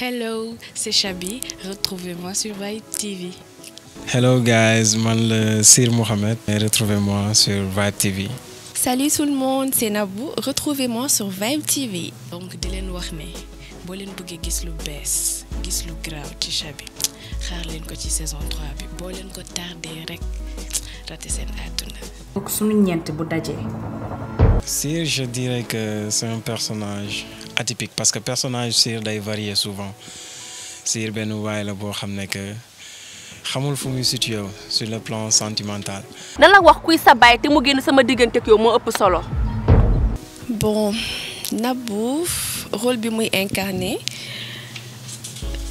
Hello, c'est Chabi. Retrouvez-moi sur Vibe TV. Hello guys, man le Sir Mohamed. Retrouvez-moi sur Vibe TV. Salut tout le monde, c'est Nabou. Retrouvez-moi sur Vibe TV. Donc, Dylan Warne, boo bouge bëggee gis lu bees gis lu graaw ci chat bi xaar ko ci saison 3 bi boo leen ko tardé rek raté donc suñu ñent bu dajé. Sir, je dirais que c'est un personnage atypique parce que personnage Sir day varier souvent Sir benn waay la bo xamné ne que xamul fu muy situé sur le plan sentimental. nan la wax kuy sa baay te mu génn sama diggante ak yow moo ëpp solo. bon nabouf rôle bi muy incarné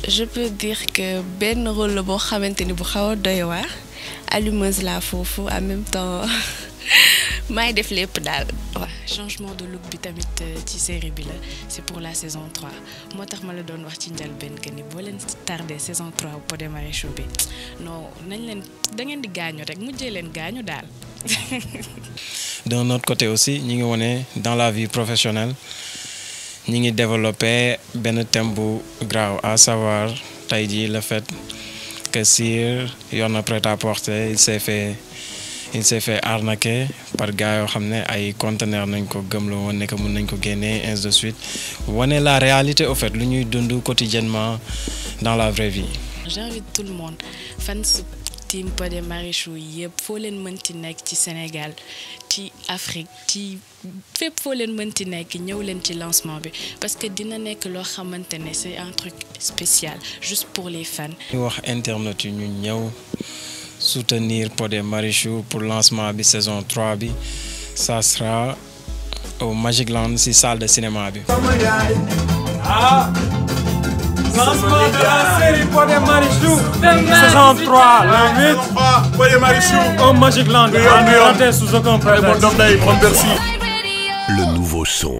je peux dire que Ben rôle bo boo bu xaw a doy waar allumeuse la fofu en même temps. maay def lépp dal. waaw changement de look bi tamit euh, ci série bi la c'est pour la saison 3 moo tax ma la doon wax ci ben que ni boo leen tardé saison 3 pour démarrer Marichou bi non nañ len da ngeen di gañu rek mujjé len gañu dal. d'un autre côté aussi ñi ngi wone dans la vie professionnelle ñi ngi développé un thème grave à savoir le fait que Sir yoon prêt-à-porter il s'est fait il s'est fait arnaquer par gars yo xamné ay conteneur nañ ko gëmloo woon ne que nañ ko ainsi de suite woné la réalité au fait lu ñuy dund quotidiennement dans la vraie vie. j'invite tout le monde fans team Pod des Marichou yépp fo leen mënti nek ci Sénégal ci Afrique ci fépp fo leen mënti nek ñew leen ci lancement bi parce que dina nek lo xamante c'est un truc spécial juste pour les fans. ñu wax internet yi ñu ñew soutenir Podemarichou Marichou pour lancement la saison 3 bi ça sera au Magic Land si salle de cinéma bi. lancement de la série Podemarichou Marichou. saison 3 le 8. Marichou. au Magic Land. Le nouveau son.